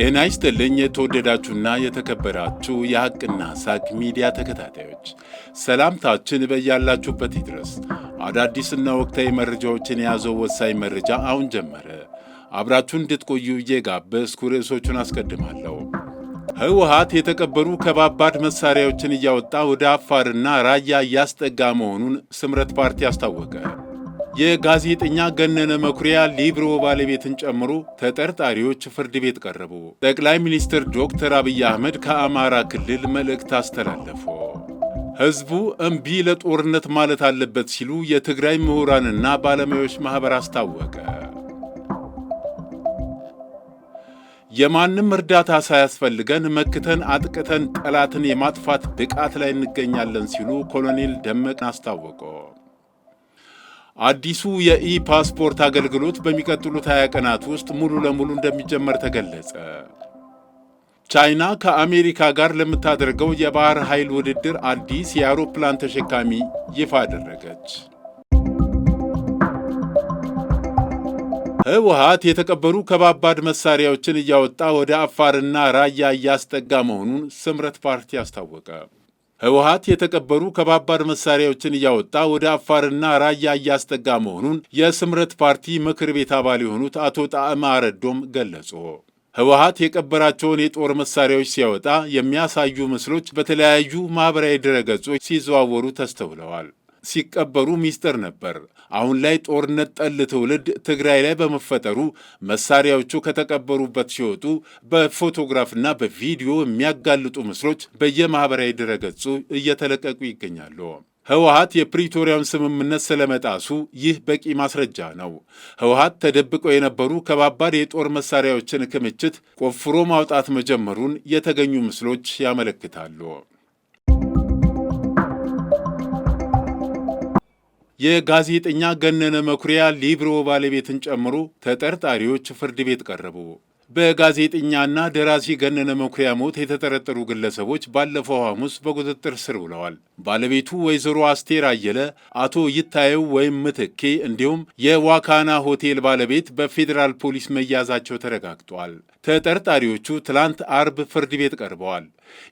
ጤና ይስጥልኝ የተወደዳችሁና የተከበራችሁ የሐቅና ሳቅ ሚዲያ ተከታታዮች፣ ሰላምታችን በያላችሁበት ይድረስ። አዳዲስና ወቅታዊ መረጃዎችን የያዘው ወሳኝ መረጃ አሁን ጀመረ። አብራችሁ እንድትቆዩ እየጋበዝኩ ርዕሶቹን አስቀድማለሁ። ህወሓት የተቀበሩ ከባባድ መሳሪያዎችን እያወጣ ወደ አፋርና ራያ እያስጠጋ መሆኑን ስምረት ፓርቲ አስታወቀ። የጋዜጠኛ ገነነ መኩሪያ ሊብሮ ባለቤትን ጨምሮ ተጠርጣሪዎች ፍርድ ቤት ቀረቡ። ጠቅላይ ሚኒስትር ዶክተር አብይ አህመድ ከአማራ ክልል መልእክት አስተላለፉ። ህዝቡ እምቢ ለጦርነት ማለት አለበት ሲሉ የትግራይ ምሁራንና ባለሙያዎች ማኅበር አስታወቀ። የማንም እርዳታ ሳያስፈልገን መክተን አጥቅተን ጠላትን የማጥፋት ብቃት ላይ እንገኛለን ሲሉ ኮሎኔል ደመቅን አስታወቀ። አዲሱ የኢ ፓስፖርት አገልግሎት በሚቀጥሉት 20 ቀናት ውስጥ ሙሉ ለሙሉ እንደሚጀመር ተገለጸ። ቻይና ከአሜሪካ ጋር ለምታደርገው የባህር ኃይል ውድድር አዲስ የአውሮፕላን ተሸካሚ ይፋ አደረገች። ህወሓት የተቀበሩ ከባባድ መሳሪያዎችን እያወጣ ወደ አፋርና ራያ እያስጠጋ መሆኑን ስምረት ፓርቲ አስታወቀ። ህወሀት የተቀበሩ ከባባድ መሳሪያዎችን እያወጣ ወደ አፋርና ራያ እያስጠጋ መሆኑን የስምረት ፓርቲ ምክር ቤት አባል የሆኑት አቶ ጣዕመ አረዶም ገለጹ። ህወሀት የቀበራቸውን የጦር መሳሪያዎች ሲያወጣ የሚያሳዩ ምስሎች በተለያዩ ማኅበራዊ ድረገጾች ሲዘዋወሩ ተስተውለዋል። ሲቀበሩ ሚስጥር ነበር። አሁን ላይ ጦርነት ጠል ትውልድ ትግራይ ላይ በመፈጠሩ መሳሪያዎቹ ከተቀበሩበት ሲወጡ በፎቶግራፍና በቪዲዮ የሚያጋልጡ ምስሎች በየማኅበራዊ ድረገጹ እየተለቀቁ ይገኛሉ። ህወሀት የፕሪቶሪያውን ስምምነት ስለመጣሱ ይህ በቂ ማስረጃ ነው። ህወሀት ተደብቀው የነበሩ ከባባድ የጦር መሳሪያዎችን ክምችት ቆፍሮ ማውጣት መጀመሩን የተገኙ ምስሎች ያመለክታሉ። የጋዜጠኛ ገነነ መኩሪያ ሊብሮ ባለቤትን ጨምሮ ተጠርጣሪዎች ፍርድ ቤት ቀረቡ። በጋዜጠኛና ደራሲ ገነነ መኩሪያ ሞት የተጠረጠሩ ግለሰቦች ባለፈው ሐሙስ በቁጥጥር ስር ውለዋል። ባለቤቱ ወይዘሮ አስቴር አየለ፣ አቶ ይታየው ወይም ምትኬ እንዲሁም የዋካና ሆቴል ባለቤት በፌዴራል ፖሊስ መያዛቸው ተረጋግጧል። ተጠርጣሪዎቹ ትላንት አርብ ፍርድ ቤት ቀርበዋል።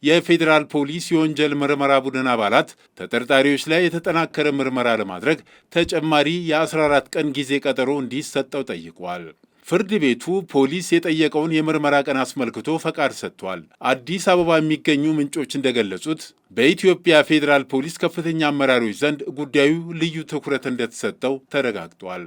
የፌዴራል ፖሊስ የወንጀል ምርመራ ቡድን አባላት ተጠርጣሪዎች ላይ የተጠናከረ ምርመራ ለማድረግ ተጨማሪ የ14 ቀን ጊዜ ቀጠሮ እንዲሰጠው ጠይቋል። ፍርድ ቤቱ ፖሊስ የጠየቀውን የምርመራ ቀን አስመልክቶ ፈቃድ ሰጥቷል። አዲስ አበባ የሚገኙ ምንጮች እንደገለጹት በኢትዮጵያ ፌዴራል ፖሊስ ከፍተኛ አመራሮች ዘንድ ጉዳዩ ልዩ ትኩረት እንደተሰጠው ተረጋግጧል።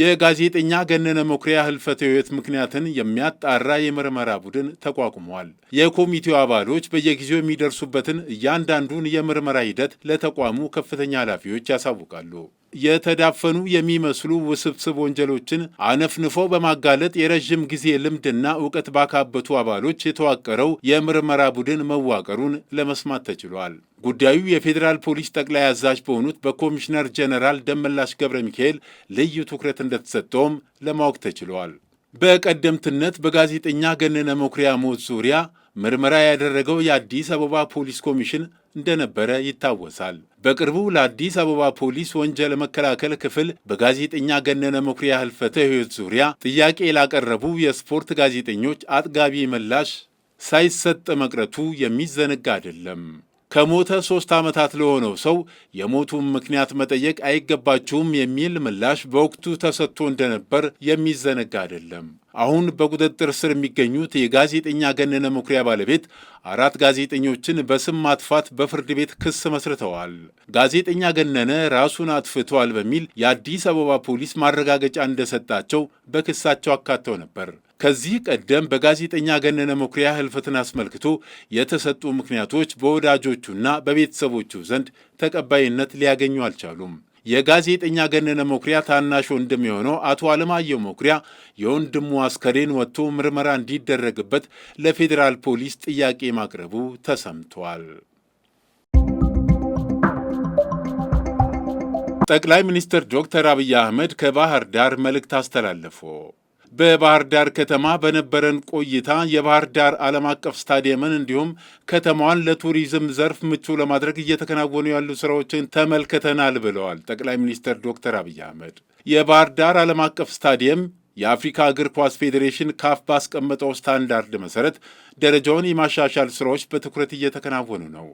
የጋዜጠኛ ገነነ መኩሪያ ህልፈተ ህይወት ምክንያትን የሚያጣራ የምርመራ ቡድን ተቋቁሟል። የኮሚቴው አባሎች በየጊዜው የሚደርሱበትን እያንዳንዱን የምርመራ ሂደት ለተቋሙ ከፍተኛ ኃላፊዎች ያሳውቃሉ። የተዳፈኑ የሚመስሉ ውስብስብ ወንጀሎችን አነፍንፎ በማጋለጥ የረዥም ጊዜ ልምድና እውቀት ባካበቱ አባሎች የተዋቀረው የምርመራ ቡድን መዋቀሩን ለመስማት ተችሏል። ጉዳዩ የፌዴራል ፖሊስ ጠቅላይ አዛዥ በሆኑት በኮሚሽነር ጀነራል ደመላሽ ገብረ ሚካኤል ልዩ ትኩረት እንደተሰጠውም ለማወቅ ተችሏል። በቀደምትነት በጋዜጠኛ ገነነ መኩሪያ ሞት ዙሪያ ምርመራ ያደረገው የአዲስ አበባ ፖሊስ ኮሚሽን እንደነበረ ይታወሳል። በቅርቡ ለአዲስ አበባ ፖሊስ ወንጀል መከላከል ክፍል በጋዜጠኛ ገነነ መኩሪያ ህልፈተ ህይወት ዙሪያ ጥያቄ ላቀረቡ የስፖርት ጋዜጠኞች አጥጋቢ ምላሽ ሳይሰጥ መቅረቱ የሚዘነጋ አይደለም። ከሞተ ሶስት ዓመታት ለሆነው ሰው የሞቱን ምክንያት መጠየቅ አይገባችሁም የሚል ምላሽ በወቅቱ ተሰጥቶ እንደነበር የሚዘነጋ አይደለም። አሁን በቁጥጥር ስር የሚገኙት የጋዜጠኛ ገነነ መኩሪያ ባለቤት አራት ጋዜጠኞችን በስም ማጥፋት በፍርድ ቤት ክስ መስርተዋል። ጋዜጠኛ ገነነ ራሱን አጥፍቷል በሚል የአዲስ አበባ ፖሊስ ማረጋገጫ እንደሰጣቸው በክሳቸው አካተው ነበር። ከዚህ ቀደም በጋዜጠኛ ገነነ መኩሪያ ህልፈትን አስመልክቶ የተሰጡ ምክንያቶች በወዳጆቹና በቤተሰቦቹ ዘንድ ተቀባይነት ሊያገኙ አልቻሉም። የጋዜጠኛ ገነነ መኩሪያ ታናሽ ወንድም የሆነው አቶ አለማየሁ መኩሪያ የወንድሙ አስከሬን ወጥቶ ምርመራ እንዲደረግበት ለፌዴራል ፖሊስ ጥያቄ ማቅረቡ ተሰምቷል። ጠቅላይ ሚኒስትር ዶክተር አብይ አህመድ ከባህር ዳር መልእክት አስተላለፉ። በባህር ዳር ከተማ በነበረን ቆይታ የባህር ዳር ዓለም አቀፍ ስታዲየምን እንዲሁም ከተማዋን ለቱሪዝም ዘርፍ ምቹ ለማድረግ እየተከናወኑ ያሉ ስራዎችን ተመልክተናል ብለዋል ጠቅላይ ሚኒስትር ዶክተር አብይ አህመድ። የባህር ዳር ዓለም አቀፍ ስታዲየም የአፍሪካ እግር ኳስ ፌዴሬሽን ካፍ ባስቀመጠው ስታንዳርድ መሰረት ደረጃውን የማሻሻል ስራዎች በትኩረት እየተከናወኑ ነው።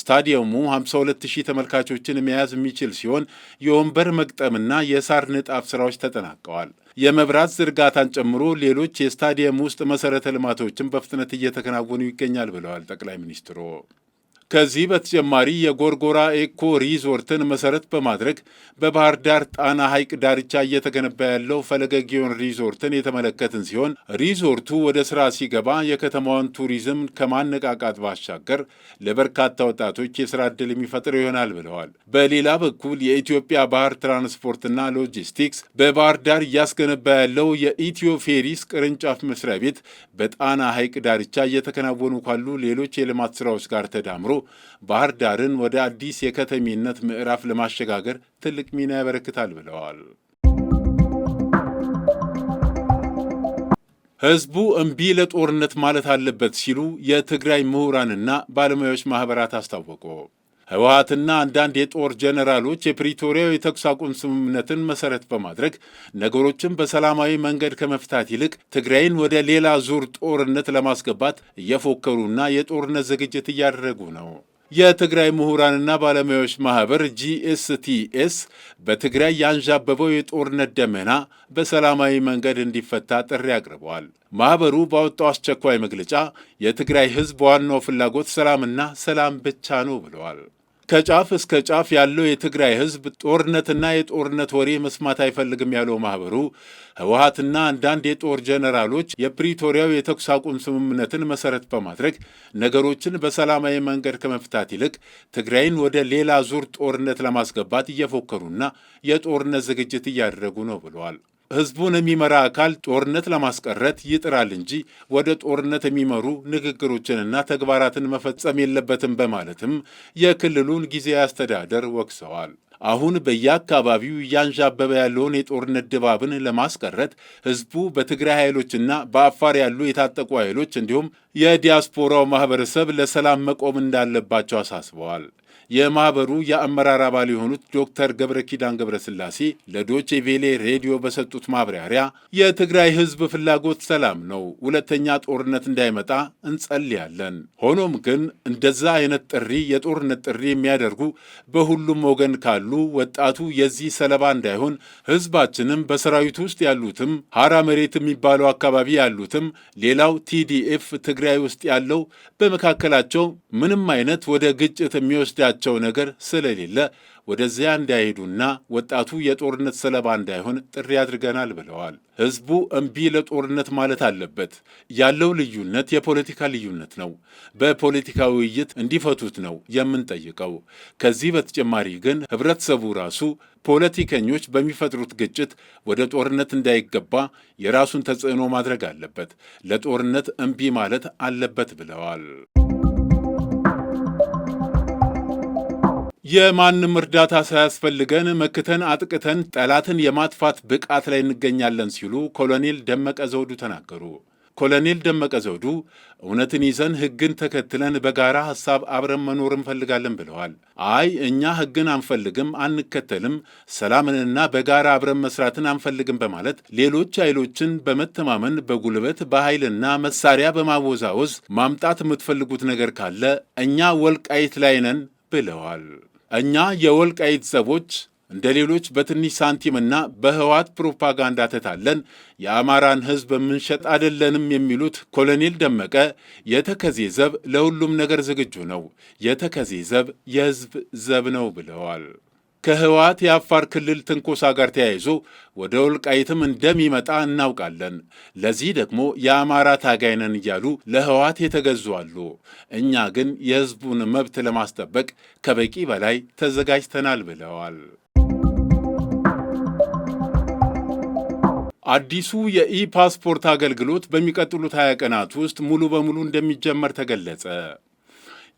ስታዲየሙ 52000 ተመልካቾችን መያዝ የሚችል ሲሆን የወንበር መግጠምና የሳር ንጣፍ ስራዎች ተጠናቀዋል። የመብራት ዝርጋታን ጨምሮ ሌሎች የስታዲየም ውስጥ መሰረተ ልማቶችን በፍጥነት እየተከናወኑ ይገኛል ብለዋል ጠቅላይ ሚኒስትሩ። ከዚህ በተጨማሪ የጎርጎራ ኤኮ ሪዞርትን መሰረት በማድረግ በባህር ዳር ጣና ሐይቅ ዳርቻ እየተገነባ ያለው ፈለገ ጊዮን ሪዞርትን የተመለከትን ሲሆን ሪዞርቱ ወደ ስራ ሲገባ የከተማዋን ቱሪዝም ከማነቃቃት ባሻገር ለበርካታ ወጣቶች የስራ ዕድል የሚፈጥር ይሆናል ብለዋል። በሌላ በኩል የኢትዮጵያ ባህር ትራንስፖርትና ሎጂስቲክስ በባህር ዳር እያስገነባ ያለው የኢትዮ ፌሪስ ቅርንጫፍ መስሪያ ቤት በጣና ሐይቅ ዳርቻ እየተከናወኑ ካሉ ሌሎች የልማት ስራዎች ጋር ተዳምሮ ባህር ዳርን ወደ አዲስ የከተሜነት ምዕራፍ ለማሸጋገር ትልቅ ሚና ያበረክታል ብለዋል። ህዝቡ እምቢ ለጦርነት ማለት አለበት ሲሉ የትግራይ ምሁራንና ባለሙያዎች ማኅበራት አስታወቁ። ህወሀትና አንዳንድ የጦር ጀኔራሎች የፕሪቶሪያው የተኩስ አቁም ስምምነትን መሰረት በማድረግ ነገሮችን በሰላማዊ መንገድ ከመፍታት ይልቅ ትግራይን ወደ ሌላ ዙር ጦርነት ለማስገባት እየፎከሩና የጦርነት ዝግጅት እያደረጉ ነው። የትግራይ ምሁራንና ባለሙያዎች ማህበር ጂኤስቲኤስ በትግራይ ያንዣበበው የጦርነት ደመና በሰላማዊ መንገድ እንዲፈታ ጥሪ አቅርበዋል። ማኅበሩ ባወጣው አስቸኳይ መግለጫ የትግራይ ህዝብ ዋናው ፍላጎት ሰላምና ሰላም ብቻ ነው ብለዋል። ከጫፍ እስከ ጫፍ ያለው የትግራይ ህዝብ ጦርነትና የጦርነት ወሬ መስማት አይፈልግም ያለው ማኅበሩ ህወሀትና አንዳንድ የጦር ጀነራሎች የፕሪቶሪያው የተኩስ አቁም ስምምነትን መሠረት በማድረግ ነገሮችን በሰላማዊ መንገድ ከመፍታት ይልቅ ትግራይን ወደ ሌላ ዙር ጦርነት ለማስገባት እየፎከሩና የጦርነት ዝግጅት እያደረጉ ነው ብለዋል። ህዝቡን የሚመራ አካል ጦርነት ለማስቀረት ይጥራል እንጂ ወደ ጦርነት የሚመሩ ንግግሮችንና ተግባራትን መፈጸም የለበትም በማለትም የክልሉን ጊዜያዊ አስተዳደር ወቅሰዋል። አሁን በየአካባቢው እያንዣበበ ያለውን የጦርነት ድባብን ለማስቀረት ህዝቡ በትግራይ ኃይሎችና በአፋር ያሉ የታጠቁ ኃይሎች እንዲሁም የዲያስፖራው ማህበረሰብ ለሰላም መቆም እንዳለባቸው አሳስበዋል። የማህበሩ የአመራር አባል የሆኑት ዶክተር ገብረ ኪዳን ገብረ ስላሴ ለዶቼ ቬሌ ሬዲዮ በሰጡት ማብራሪያ የትግራይ ህዝብ ፍላጎት ሰላም ነው፣ ሁለተኛ ጦርነት እንዳይመጣ እንጸልያለን። ሆኖም ግን እንደዛ አይነት ጥሪ የጦርነት ጥሪ የሚያደርጉ በሁሉም ወገን ካሉ ወጣቱ የዚህ ሰለባ እንዳይሆን ህዝባችንም በሰራዊቱ ውስጥ ያሉትም ሀራ መሬት የሚባለው አካባቢ ያሉትም ሌላው ቲዲኤፍ ትግራይ ውስጥ ያለው በመካከላቸው ምንም አይነት ወደ ግጭት የሚወስዳቸው የሚያደርጋቸው ነገር ስለሌለ ወደዚያ እንዳይሄዱና ወጣቱ የጦርነት ሰለባ እንዳይሆን ጥሪ አድርገናል ብለዋል። ህዝቡ እምቢ ለጦርነት ማለት አለበት። ያለው ልዩነት የፖለቲካ ልዩነት ነው። በፖለቲካ ውይይት እንዲፈቱት ነው የምንጠይቀው። ከዚህ በተጨማሪ ግን ህብረተሰቡ ራሱ ፖለቲከኞች በሚፈጥሩት ግጭት ወደ ጦርነት እንዳይገባ የራሱን ተጽዕኖ ማድረግ አለበት። ለጦርነት እምቢ ማለት አለበት ብለዋል። የማንም እርዳታ ሳያስፈልገን መክተን አጥቅተን ጠላትን የማጥፋት ብቃት ላይ እንገኛለን ሲሉ ኮሎኔል ደመቀ ዘውዱ ተናገሩ። ኮሎኔል ደመቀ ዘውዱ እውነትን ይዘን ሕግን ተከትለን በጋራ ሀሳብ አብረን መኖር እንፈልጋለን ብለዋል። አይ እኛ ሕግን አንፈልግም፣ አንከተልም፣ ሰላምንና በጋራ አብረን መስራትን አንፈልግም በማለት ሌሎች ኃይሎችን በመተማመን በጉልበት በኃይልና መሳሪያ በማወዛወዝ ማምጣት የምትፈልጉት ነገር ካለ እኛ ወልቃይት ላይ ነን ብለዋል። እኛ የወልቃይት ዘቦች እንደ ሌሎች በትንሽ ሳንቲምና በህዋት ፕሮፓጋንዳ ተታለን የአማራን ህዝብ የምንሸጥ አይደለንም የሚሉት ኮሎኔል ደመቀ የተከዜ ዘብ ለሁሉም ነገር ዝግጁ ነው፣ የተከዜ ዘብ የህዝብ ዘብ ነው ብለዋል። ከህወሓት የአፋር ክልል ትንኮሳ ጋር ተያይዞ ወደ ወልቃይትም እንደሚመጣ እናውቃለን። ለዚህ ደግሞ የአማራ ታጋይ ነን እያሉ ለህወሓት የተገዙ አሉ። እኛ ግን የህዝቡን መብት ለማስጠበቅ ከበቂ በላይ ተዘጋጅተናል ብለዋል። አዲሱ የኢ ፓስፖርት አገልግሎት በሚቀጥሉት 20 ቀናት ውስጥ ሙሉ በሙሉ እንደሚጀመር ተገለጸ።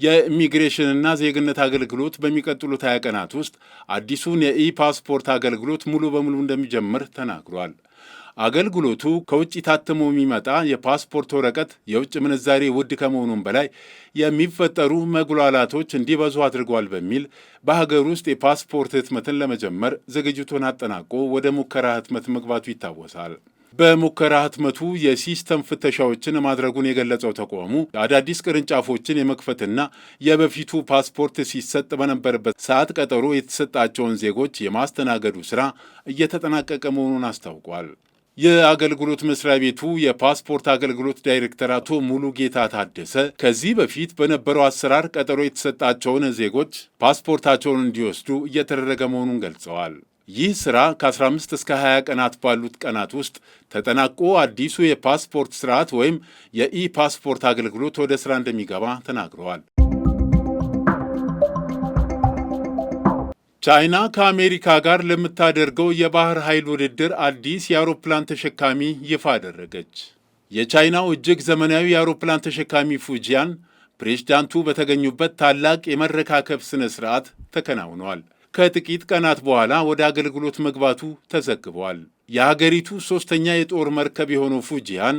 የኢሚግሬሽንና ዜግነት አገልግሎት በሚቀጥሉት ሀያ ቀናት ውስጥ አዲሱን የኢ ፓስፖርት አገልግሎት ሙሉ በሙሉ እንደሚጀምር ተናግሯል። አገልግሎቱ ከውጭ ታትሞ የሚመጣ የፓስፖርት ወረቀት የውጭ ምንዛሬ ውድ ከመሆኑም በላይ የሚፈጠሩ መጉላላቶች እንዲበዙ አድርጓል በሚል በሀገር ውስጥ የፓስፖርት ህትመትን ለመጀመር ዝግጅቱን አጠናቆ ወደ ሙከራ ህትመት መግባቱ ይታወሳል። በሙከራ ህትመቱ የሲስተም ፍተሻዎችን ማድረጉን የገለጸው ተቋሙ አዳዲስ ቅርንጫፎችን የመክፈትና የበፊቱ ፓስፖርት ሲሰጥ በነበረበት ሰዓት ቀጠሮ የተሰጣቸውን ዜጎች የማስተናገዱ ስራ እየተጠናቀቀ መሆኑን አስታውቋል። የአገልግሎት መስሪያ ቤቱ የፓስፖርት አገልግሎት ዳይሬክተር አቶ ሙሉ ጌታ ታደሰ ከዚህ በፊት በነበረው አሰራር ቀጠሮ የተሰጣቸውን ዜጎች ፓስፖርታቸውን እንዲወስዱ እየተደረገ መሆኑን ገልጸዋል። ይህ ሥራ ከ15 እስከ 20 ቀናት ባሉት ቀናት ውስጥ ተጠናቆ አዲሱ የፓስፖርት ስርዓት ወይም የኢ ፓስፖርት አገልግሎት ወደ ሥራ እንደሚገባ ተናግረዋል። ቻይና ከአሜሪካ ጋር ለምታደርገው የባህር ኃይል ውድድር አዲስ የአውሮፕላን ተሸካሚ ይፋ አደረገች። የቻይናው እጅግ ዘመናዊ የአውሮፕላን ተሸካሚ ፉጂያን ፕሬዝዳንቱ በተገኙበት ታላቅ የመረካከብ ሥነ ሥርዓት ተከናውኗል። ከጥቂት ቀናት በኋላ ወደ አገልግሎት መግባቱ ተዘግቧል። የሀገሪቱ ሦስተኛ የጦር መርከብ የሆነው ፉጂያን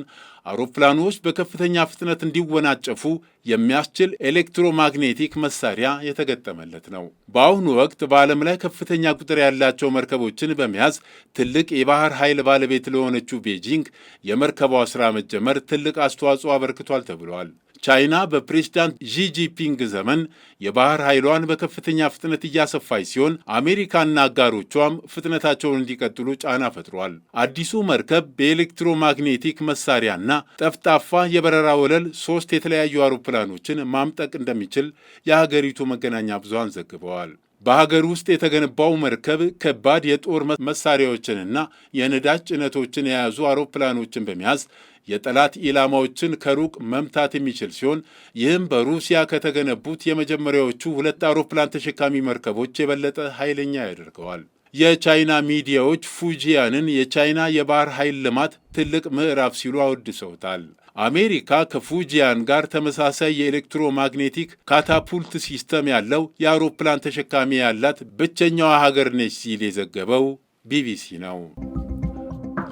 አውሮፕላኖች በከፍተኛ ፍጥነት እንዲወናጨፉ የሚያስችል ኤሌክትሮማግኔቲክ መሳሪያ የተገጠመለት ነው። በአሁኑ ወቅት በዓለም ላይ ከፍተኛ ቁጥር ያላቸው መርከቦችን በመያዝ ትልቅ የባህር ኃይል ባለቤት ለሆነችው ቤጂንግ የመርከቧ ሥራ መጀመር ትልቅ አስተዋጽኦ አበርክቷል ተብሏል። ቻይና በፕሬዝዳንት ዢጂፒንግ ዘመን የባህር ኃይሏን በከፍተኛ ፍጥነት እያሰፋች ሲሆን አሜሪካና አጋሮቿም ፍጥነታቸውን እንዲቀጥሉ ጫና ፈጥሯል። አዲሱ መርከብ በኤሌክትሮማግኔቲክ መሳሪያና ጠፍጣፋ የበረራ ወለል ሶስት የተለያዩ አውሮፕላኖችን ማምጠቅ እንደሚችል የሀገሪቱ መገናኛ ብዙሃን ዘግበዋል። በሀገር ውስጥ የተገነባው መርከብ ከባድ የጦር መሳሪያዎችንና የነዳጅ ጭነቶችን የያዙ አውሮፕላኖችን በመያዝ የጠላት ኢላማዎችን ከሩቅ መምታት የሚችል ሲሆን ይህም በሩሲያ ከተገነቡት የመጀመሪያዎቹ ሁለት አውሮፕላን ተሸካሚ መርከቦች የበለጠ ኃይለኛ ያደርገዋል። የቻይና ሚዲያዎች ፉጂያንን የቻይና የባህር ኃይል ልማት ትልቅ ምዕራፍ ሲሉ አወድሰውታል። አሜሪካ ከፉጂያን ጋር ተመሳሳይ የኤሌክትሮማግኔቲክ ካታፑልት ሲስተም ያለው የአውሮፕላን ተሸካሚ ያላት ብቸኛዋ ሀገር ነች ሲል የዘገበው ቢቢሲ ነው።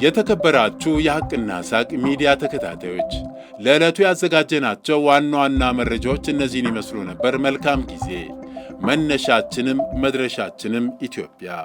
የተከበራችሁ የሐቅና ሳቅ ሚዲያ ተከታታዮች ለዕለቱ ያዘጋጀናቸው ዋና ዋና መረጃዎች እነዚህን ይመስሉ ነበር። መልካም ጊዜ። መነሻችንም መድረሻችንም ኢትዮጵያ።